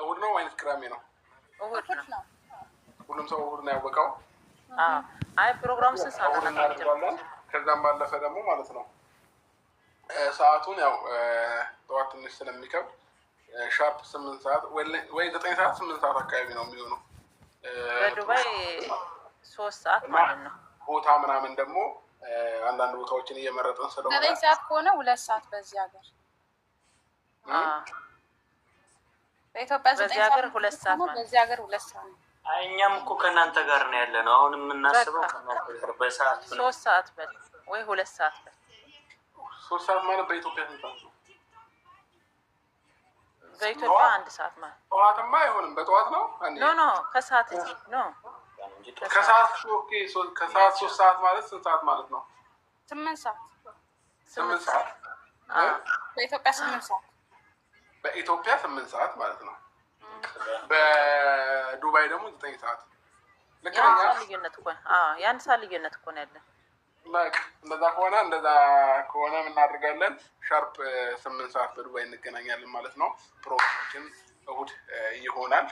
እሑድ ነው ወይንስ ቅዳሜ ነው? ሁሉም ሰው እሑድ ነው ያወቀው። አይ ፕሮግራም ስንት ከዛም ባለፈ ደግሞ ማለት ነው ሰዓቱን ያው ጠዋት ትንሽ ስለሚከብድ ሻርፕ ስምንት ሰዓት ወይ ዘጠኝ ሰዓት ስምንት ሰዓት አካባቢ ነው የሚሆነው በዱባይ ሶስት ሰዓት ማለት ነው። ቦታ ምናምን ደግሞ አንዳንድ ቦታዎችን እየመረጥን ስለሆነ ዘጠኝ ሰዓት ከሆነ ሁለት ሰዓት በዚህ ሀገር በኢትዮጵያ ሀገር ሁለት ሰዓት ነው። በዚህ ሀገር ሁለት ሰዓት ነው። እኛም እኮ ከእናንተ ጋር ነው ያለ ነው። አሁን የምናስበው ከእናንተ ጋር በሰዓት ሶስት ሰዓት በል ወይ ሁለት ሰዓት በል ሶስት ሰዓት ማለት በኢትዮጵያ ነው? በኢትዮጵያ አንድ ሰዓት ማለት ጠዋትማ አይሆንም። በጠዋት ነው ኖ ኖ ከሰዓት እ ኖ ከሰዓት ከሰዓት ሶስት ሰዓት ማለት ስንት ሰዓት ማለት ነው? ስምንት ሰዓት ስምንት ሰዓት በኢትዮጵያ ስምንት ሰዓት በኢትዮጵያ ስምንት ሰዓት ማለት ነው። በዱባይ ደግሞ ዘጠኝ ሰዓት የአንድ ሰዓት ልዩነት እኮ ነው ያለን። እንደዛ ከሆነ እንደዛ ከሆነ እናደርጋለን። ሻርፕ ስምንት ሰዓት በዱባይ እንገናኛለን ማለት ነው። ፕሮግራማችን እሁድ ይሆናል።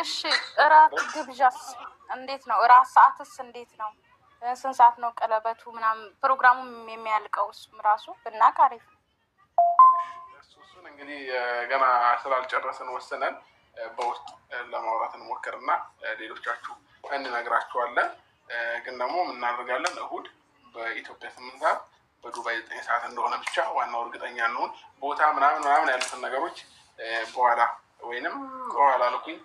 እሺ፣ እራት ግብዣስ እንዴት ነው? እራት ሰዓትስ እንዴት ነው? ስንት ሰዓት ነው ቀለበቱ ምናምን ፕሮግራሙም የሚያልቀው? እሱም ራሱ ብናቅ አሪፍ እሱን እንግዲህ ገና ስላልጨረስን ወስነን በውስጥ ለማውራት እንሞክርና ሌሎቻችሁ እንነግራችኋለን። ግን ደግሞ እናደርጋለን እሁድ በኢትዮጵያ ስምንት ሰዓት በዱባይ ዘጠኝ ሰዓት እንደሆነ ብቻ ዋናው እርግጠኛ እንሆን። ቦታ ምናምን ምናምን ያሉትን ነገሮች በኋላ ወይንም በኋላ ልኩኝ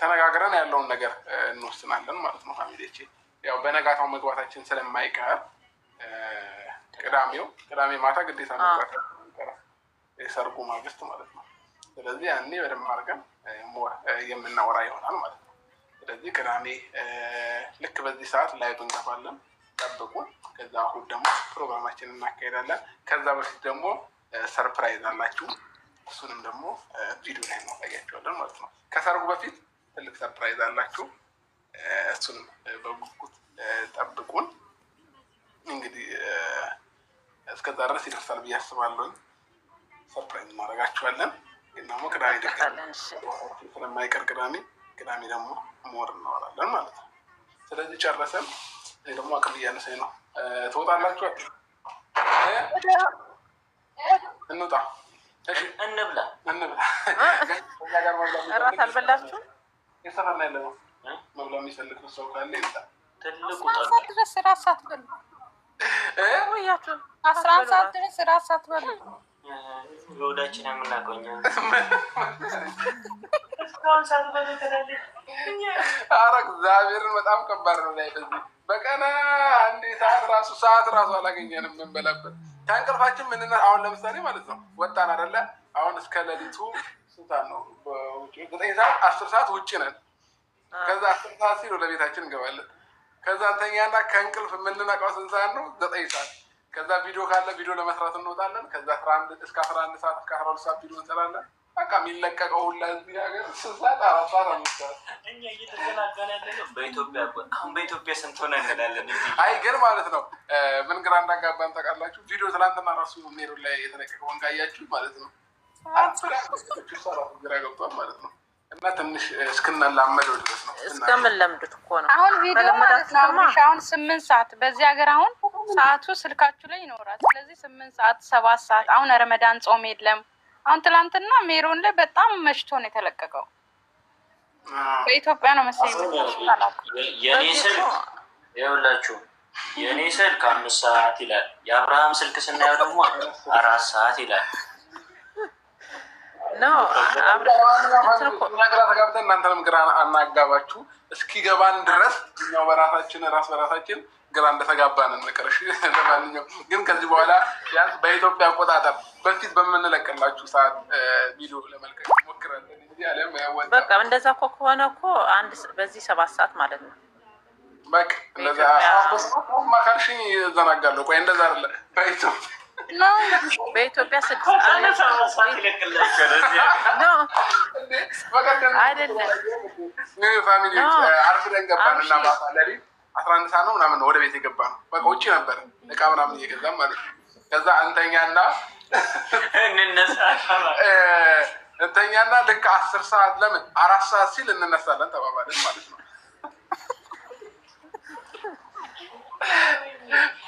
ተነጋግረን ያለውን ነገር እንወስናለን ማለት ነው። ፋሚሊቼ ያው በነጋታው መግባታችን ስለማይቀር ቅዳሜው ቅዳሜ ማታ ግዴታ መግባት የሰርጉ ማግስት ማለት ነው። ስለዚህ ያኔ በደንብ አድርገን የምናወራ ይሆናል ማለት ነው። ስለዚህ ቅዳሜ ልክ በዚህ ሰዓት ላይቱ እንጠፋለን፣ ጠብቁን ከዛ እሑድ ደግሞ ፕሮግራማችን እናካሄዳለን። ከዛ በፊት ደግሞ ሰርፕራይዝ አላችሁ። እሱንም ደግሞ ቪዲዮ ላይ እናሳያቸዋለን ማለት ነው። ከሰርጉ በፊት ትልቅ ሰርፕራይዝ አላችሁ። እሱንም በጉጉት ጠብቁን። እንግዲህ እስከዛ ድረስ ይደርሳል ብዬ አስባለሁኝ። ሰርፕራይዝ ማድረጋችኋለን። ግን ደግሞ ቅዳሜ ስለማይቀር ቅዳሜ ቅዳሜ ደግሞ ሞር እናወራለን ማለት ነው። ስለዚህ ጨረሰን። እኔ ደግሞ አቅም እያነሰኝ ነው። ትወጣላችሁ? እንውጣ፣ እንብላ፣ እንብላ። እራት አልበላችሁም? የሰራና ያለ ነው መብላ የሚፈልግ ሰው ካለ ይብላ። ትልቁ ድረስ እራት ሳትበሉ ቆያችሁ። አስራ አንድ ሰዓት ድረስ እራት ሳትበሉ ለወዳችን የምናውቀው እኛ እግዚአብሔርን በጣም ከባድ ነው። ላይ በዚህ በቀን አንዴ ሰዓት ራሱ ሰዓት ራሱ አላገኘንም የምንበላበት ከእንቅልፋችን ምንና አሁን ለምሳሌ ማለት ነው ወጣን አይደለ? አሁን እስከ ሌሊቱ ስንታን ነው ዘጠኝ ሰዓት አስር ሰዓት ውጭ ነን። ከዛ አስር ሰዓት ሲል ወደ ቤታችን እንገባለን። ከዛ እንተኛና ከእንቅልፍ የምንነቃው ስንት ሰዓት ነው? ዘጠኝ ሰዓት ከዛ ቪዲዮ ካለ ቪዲዮ ለመስራት እንወጣለን። ከዛ አስራ አንድ እስከ አስራ አንድ ሰዓት እስከ አስራ ሁለት ሰዓት ቪዲዮ እንሰራለን። በቃ የሚለቀቀው ሁላ እዚህ ሀገር ስሳት አራት ሰዓት አምስት ሰዓት እኛ እየተዘናጋን ያለነው በኢትዮጵያ አሁን በኢትዮጵያ ስንት ሆነ እንላለን። አይ ግን ማለት ነው ምን ግራ እንዳጋባን ታውቃላችሁ። ቪዲዮ ትናንትና ራሱ ሜሮ ላይ የተለቀቀውን ካያችሁ ማለት ነው አራት ሰዓት ግራ ገብቷል ማለት ነው እና ትንሽ እስክንላመደው ድረስ ነው እስከምንለምዱት እኮ ነው። አሁን ቪዲዮ ማለት ነው አሁን ስምንት ሰዓት በዚህ ሀገር አሁን ሰዓቱ ስልካችሁ ላይ ይኖራል። ስለዚህ ስምንት ሰዓት ሰባት ሰዓት አሁን ረመዳን ጾም የለም። አሁን ትላንትና ሜሮን ላይ በጣም መሽቶ ነው የተለቀቀው። በኢትዮጵያ ነው መሰለኝ የኔ ስልክ ይኸውላችሁ፣ የእኔ ስልክ አምስት ሰዓት ይላል። የአብርሃም ስልክ ስናየው ደግሞ አራት ሰዓት ይላል። እናንተንም ግራ አናጋባችሁ። እስኪገባን ድረስ እኛው በራሳችን ራስ በራሳችን ግራ እንደተጋባን እንቅር። ለማንኛውም ግን ከዚህ በኋላ ቢያንስ በኢትዮጵያ አቆጣጠር በፊት በምንለቅላችሁ ሰዓት ቪዲዮ ለመልቀቅ ሞክራለን። በቃ እንደዛ እኮ ከሆነ እኮ አንድ በዚህ ሰባት ሰዓት ማለት ነው። በቃ እንደዛ ማካልሽኝ ዘናጋለሁ። ቆይ እንደዛ አለ በኢትዮጵያ በኢትዮጵያ ስድስት ሰዓት ነው ምናምን ወደ ቤት የገባ ነው። በቃ ውጭ ነበር እቃ ምናምን እየገዛም ማለት ነው። ከዛ እንተኛና እንተኛና ልክ አስር ሰዓት ለምን አራት ሰዓት ሲል እንነሳለን ተባባለን ማለት ነው።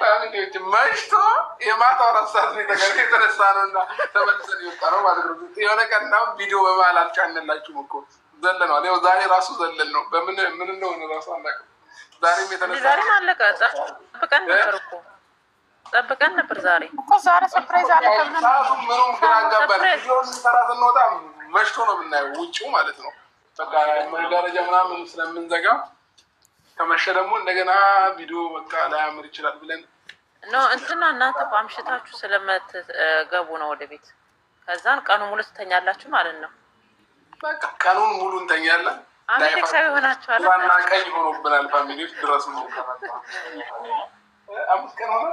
ፋሚሊዎች መሽቶ የማታው አራት ሰዓት ነው የተነሳ ነው እና ተመልሰን የወጣ ነው ማለት ነው። የሆነ ቀን እንዳውም ቪዲዮ በመሀል አልጫንላችሁም እኮ ዘለነዋል። ያው ዛሬ ራሱ ዘለን ነው በምን ምን እንደሆነ ራሱ አናውቅም። ዛሬም የተነሳ ዛሬም አለቀ። ጠብቀን ነበር እኮ ጠብቀን ነበር። ዛሬ ዛሬ ሰርፕራይዝ አለ ሰዓቱ ምኑም ግራ አጋባል። ሰራ ስንወጣ መሽቶ ነው የምናየው ውጭው ማለት ነው። በቃ መጋረጃ ምናምን ከመሸ ደግሞ እንደገና ቪዲዮ በቃ ላያምር ይችላል ብለን ኖ እንትና እናንተ አምሽታችሁ ስለምትገቡ ነው ወደ ቤት። ከዛን ቀኑን ሙሉ ትተኛላችሁ ማለት ነው። በቃ ቀኑን ሙሉ እንተኛለን። አሜሪካዊ ሆናችኋል። ዋና ቀኝ ሆኖብናል። ፋሚሊዎች ድረስ ነው አምስት ቀን ሆነ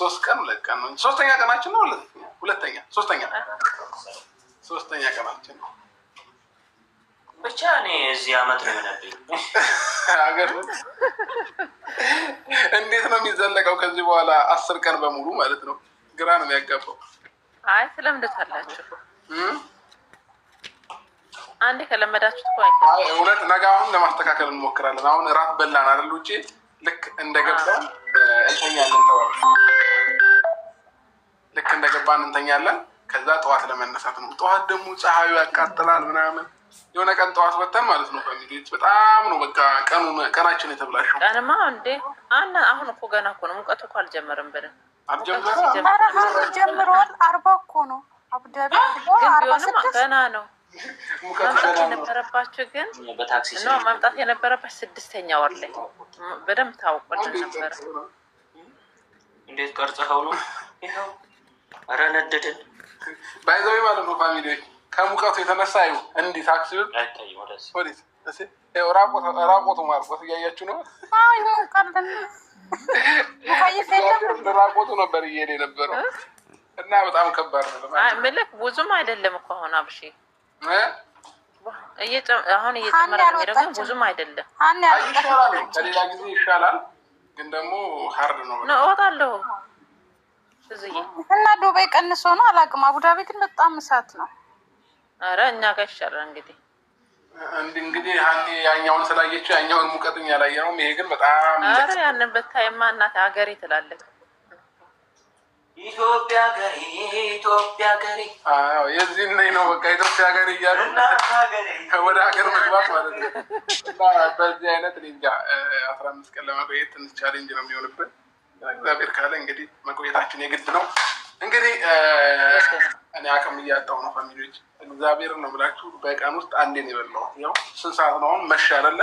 ሶስት ቀን ሁለት ቀን ነው ሶስተኛ ቀናችን ነው። ሁለተኛ ሶስተኛ ሶስተኛ ቀናችን ነው። ብቻ እኔ እዚህ አመት ነው የሆነብኝ። ሀገር እንዴት ነው የሚዘለቀው? ከዚህ በኋላ አስር ቀን በሙሉ ማለት ነው። ግራ ነው የሚያጋባው። አይ ስለምደታላችሁ አንዴ ከለመዳችሁት እውነት ነገ አሁን ለማስተካከል እንሞክራለን። አሁን እራት በላን አይደል? ውጭ ልክ እንደገባን እንተኛለን። ልክ እንደገባን እንተኛለን። ከዛ ጠዋት ለመነሳት ነው። ጠዋት ደግሞ ፀሐዩ ያቃጥላል ምናምን የሆነ ቀን ጠዋት ወተን ማለት ነው ፋሚሊዎች፣ በጣም ነው በቃ ቀኑ ቀናችን የተብላሸው። ቀንማ እንዴ አና አሁን እኮ ገና እኮ ነው ሙቀቱ እኮ አልጀመረም። በደንብ አልጀመረም፣ ጀምሯል። አርባ እኮ ነው አቡዳቢ ገና ነው። መምጣት የነበረባቸው ግን እና መምጣት የነበረባቸው ስድስተኛ ወር ላይ በደንብ ታውቆልን ነበረ። እንዴት ቀርጽኸው ነው ይኸው። ኧረ ነደድን ባይዘዊ ማለት ነው ፋሚሊዎች ከሙቀቱ የተነሳ ይሁን እንዲህ ታክሲውን ራቆቱ ማርቆት እያያችሁ ነው። ራቆቱ ነበር እየሄደ የነበረው እና በጣም ከባድ ነው። ምልክ ብዙም አይደለም እኮ አሁን አብሽ አሁን እየጨመረ ደግሞ ብዙም አይደለም። ከሌላ ጊዜ ይሻላል፣ ግን ደግሞ ሀርድ ነው። እወጣለሁ እና ዱባይ ቀንሶ ነው አላውቅም። አቡዳቢ ግን በጣም እሳት ነው። አረ እኛ ጋር ይሻላል እንግዲህ እንግዲህ ሀኒ ያኛውን ስላየችው ያኛውን ሙቀትም ያላየ ነው። ይሄ ግን በጣም ኧረ ያንን በታይማ እናት ሀገሬ ትላለች። ኢትዮጵያ ሀገሬ ኢትዮጵያ ሀገሬ የዚህ ነው በቃ ኢትዮጵያ ሀገሬ እያሉ ወደ ሀገር መግባት ማለት ነው። በዚህ አይነት እንጃ አስራ አምስት ቀን ትንሽ ቻሌንጅ ነው የሚሆንብን። እግዚአብሔር ካለ እንግዲህ መቆየታችን የግድ ነው። እንግዲህ እኔ አቅም እያጣው ነው። ፋሚሊዎች እግዚአብሔር ነው ብላችሁ በቀን ውስጥ አንዴ ነው የበላሁት። ያው ስንት ሰዓት ነው አሁን? መሸ አይደለ?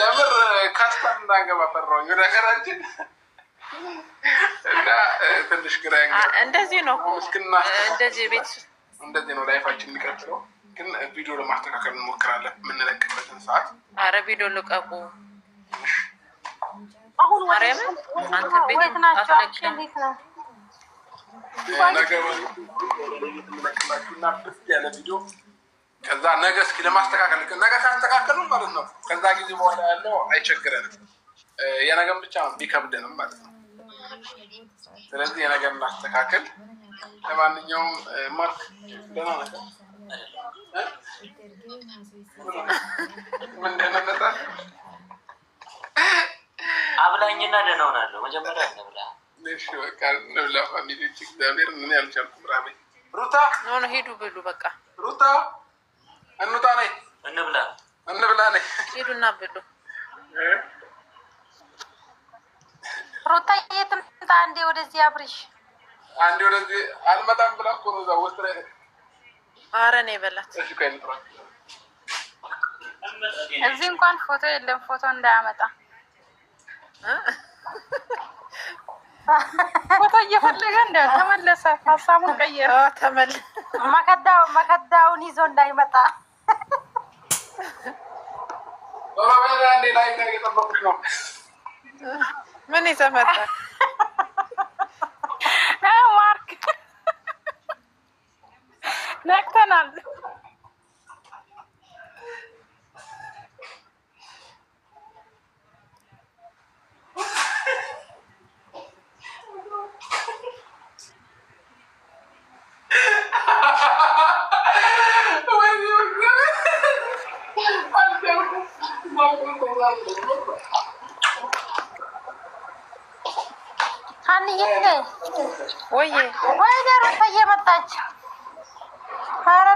የምር ካስታ እንዳንገባ ፈራሁኝ። ነገራችን እና ትንሽ ግራ እንደዚህ ነው እስክና እንደዚህ ቤት እንደዚህ ነው ላይፋችን የሚቀጥለው። ግን ቪዲዮ ለማስተካከል እንሞክራለን የምንለቅበትን ሰዓት። አረ ቪዲዮ ልቀቁ አሁን ወዴት ናቸው? እንዴት ከዛ ነገ እስኪ ለማስተካከል ነገ ካስተካከሉ ማለት ነው። ከዛ ጊዜ በኋላ ያለው አይቸግረንም። የነገን ብቻ ቢከብደንም ማለት ነው። ስለዚህ የነገን ማስተካከል። ለማንኛውም ማርክ ደህና ነገር ምን አብላኝና ደህና ሆናለሁ። መጀመሪያ እንብላ። እሺ በቃ እንብላ። እግዚአብሔር ምን ሩታ ሆነ ሄዱ ብሉ። በቃ ሩታ እንውጣ ነይ እንብላ እንብላ ነይ ሄዱና ብሉ። ሩታ የትም ትምጣ አንዴ ወደዚህ አንዴ ወደዚህ አልመጣም ብላ እኮ ነው እዛ ውስጥ ላይ እዚህ እንኳን ፎቶ የለም ፎቶ እንዳያመጣ ቦታ እየፈለገ እንደ ተመለሰ ሀሳቡን ቀየረ። መከዳውን ይዞ እንዳይመጣ ምን ይዘህ መጣ? ማርክ ነቅተናል። ሀንዬ ወይ ወይ ደሮታ እየመጣች ኧረ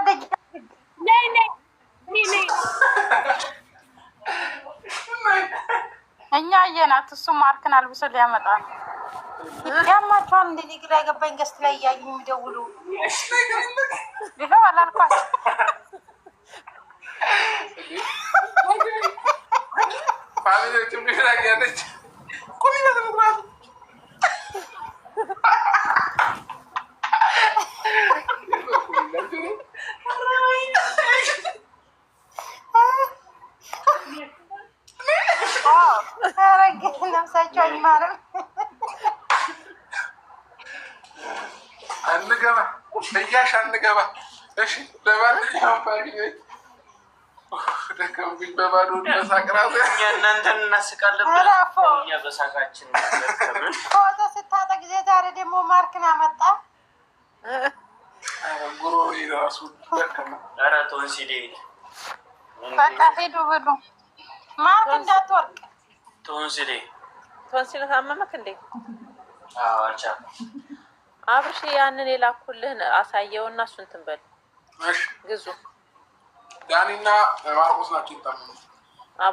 እኛ እየናት እሱ ማርክን አልብሶ ሊያመጣ ያማቸዋል። እንደ ግራ ገባኝ። ገስት ላይ እያዩ የሚደውሉ አንገባ እያሽ አንገባ። እሺ ለማንኛውም ባሪቤት ደከምኩኝ። በባዶ በሳቅራዘ እናንተን እናስቃለን። እኛ በሳቃችን ፎቶ ስታጠ ጊዜ ዛሬ ደግሞ ማርክን አመጣ። ጉሮሮ ራሱ ደከመ። ኧረ ቶንሲሌ በቃ ሂዱ ብሉ። ማርክ እንዳትወርቅ። ቶንሲሌ ቶንሲል ታመመክ እንዴ? አዎ አልቻልኩም አብርሽ ያንን የላኩልህን አሳየው እና እሱን ትንበል ግዙ። ዳኒና ማርቆስ ናቸው የታመሙት።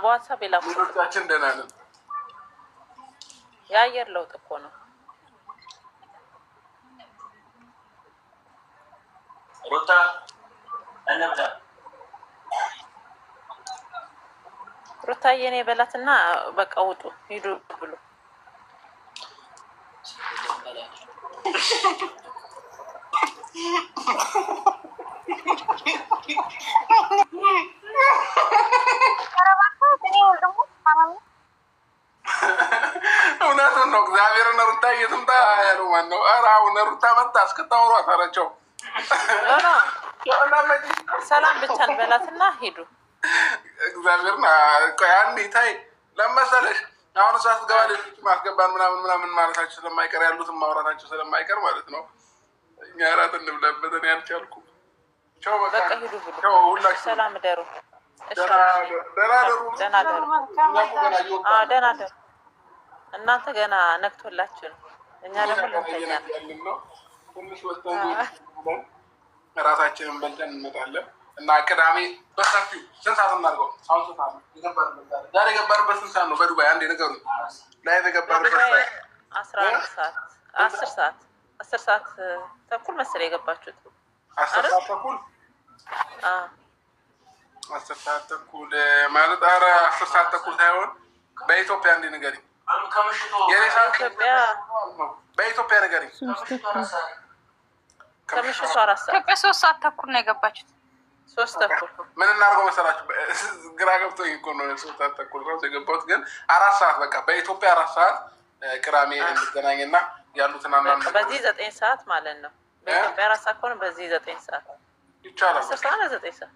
በዋትሳፕ የላኩት ሌሎቻችን ደህና ነን። የአየር ለውጥ እኮ ነው። ሩታ እንብላ ሩታዬ፣ እኔ በላትና በቃ ውጡ ሂዱ ብሎ እውነቱን ነው። እግዚአብሔርን ሩታ እየትምጣ ያሉ ማነው? ኧረ አሁን ሩታ መጣ እስክታወሩ አሳራቸው። ሰላም ብቻ እንበላትና ሄዱ። እግዚአብሔርን አንድ ይታይ ለመሰለሽ አሁን ሰዓት ስትገባ ሌሎች ማስገባን ምናምን ምናምን ማለታቸው ስለማይቀር ያሉትን ማውራታቸው ስለማይቀር ማለት ነው። እኛ ራት እንብለበት እኔ አልቻልኩም። ቻው፣ በቃ ሁላችሁ ሰላም ደሩ። ደህና ደሩ። እናንተ ገና ነግቶላችሁ ነው። እኛ ደግሞ ለተኛ ነው። በልተን እንመጣለን እና ቅዳሜ በሰፊው ስንት ሰዓት እናድርገው? ዛሬ የገባንበት ስንት ሰዓት ነው? በዱባይ አንዴ ንገሩኝ። ላይ የገባንበት አስራ አንድ ሰዓት አስር ሰዓት አስር ሰዓት ተኩል መሰለኝ የገባችሁት። አስር ሰዓት ተኩል አስር ሰዓት ተኩል ማለት ኧረ አስር ሰዓት ተኩል ሳይሆን በኢትዮጵያ እንዴ ንገሪኝ። በኢትዮጵያ ንገሪኝ። ከምሽቱ አራት ሰዓት ከሶስት ሰዓት ተኩል ነው የገባችሁት ሶስት ተኩል ምን እናድርገው መሰላችሁ? ግራ ገብቶ ኢኮኖሚ ሶስት ተኩል ነው የገባሁት፣ ግን አራት ሰዓት በቃ በኢትዮጵያ አራት ሰዓት ቅዳሜ እንገናኝና ያሉትን አንዳንድ በዚህ ዘጠኝ ሰዓት ማለት ነው። በኢትዮጵያ አራት ሰዓት ከሆነ በዚህ ዘጠኝ ሰዓት ይቻላል። አስር ሰዓት ዘጠኝ ሰዓት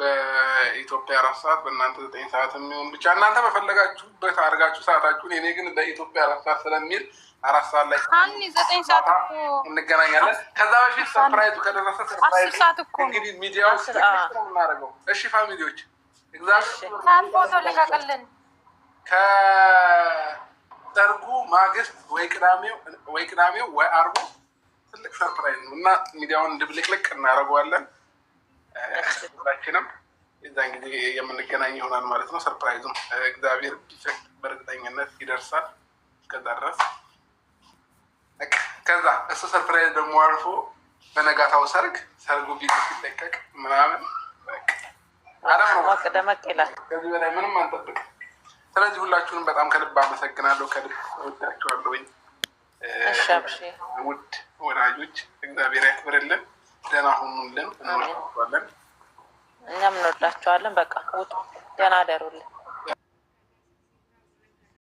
በኢትዮጵያ አራት ሰዓት በእናንተ ዘጠኝ ሰዓት የሚሆን ብቻ እናንተ በፈለጋችሁበት አድርጋችሁ ሰዓታችሁን። እኔ ግን በኢትዮጵያ አራት ሰዓት ስለሚል አራት ሰዓት ላይ ዘጠኝ ሰዓት እንገናኛለን። ከዛ በፊት ሰርፕራይዙ ከደረሰ ሰርፕራይዝ እንግዲህ ሚዲያው እናደርገው። እሺ ፋሚሊዎች ከሰርጉ ማግስት ወይ ቅዳሜው ወይ ቅዳሜው ወይ አርቡ ትልቅ ሰርፕራይዝ ነው እና ሚዲያውን ድብልቅልቅ እናደርገዋለን። ሁላችንም የዛን ጊዜ የምንገናኝ ይሆናል ማለት ነው። ሰርፕራይዙም እግዚአብሔር ቢፈቅድ በእርግጠኝነት ይደርሳል። እስከዛ ድረስ ከዛ እሱ ሰርፕራይዝ ደግሞ አልፎ በነጋታው ሰርግ ሰርጉ ቢት ሲለቀቅ ምናምን ደመቅ ይላል። ከዚህ በላይ ምንም አንጠብቅ። ስለዚህ ሁላችሁንም በጣም ከልብ አመሰግናለሁ። ከልብ ወዳችኋለሁኝ። ውድ ወዳጆች እግዚአብሔር ያክብርልን። ደህና ሁኑልን። እንወዳችኋለን። እኛም እንወዳችኋለን። በቃ ውጡ፣ ደህና አደሩልን።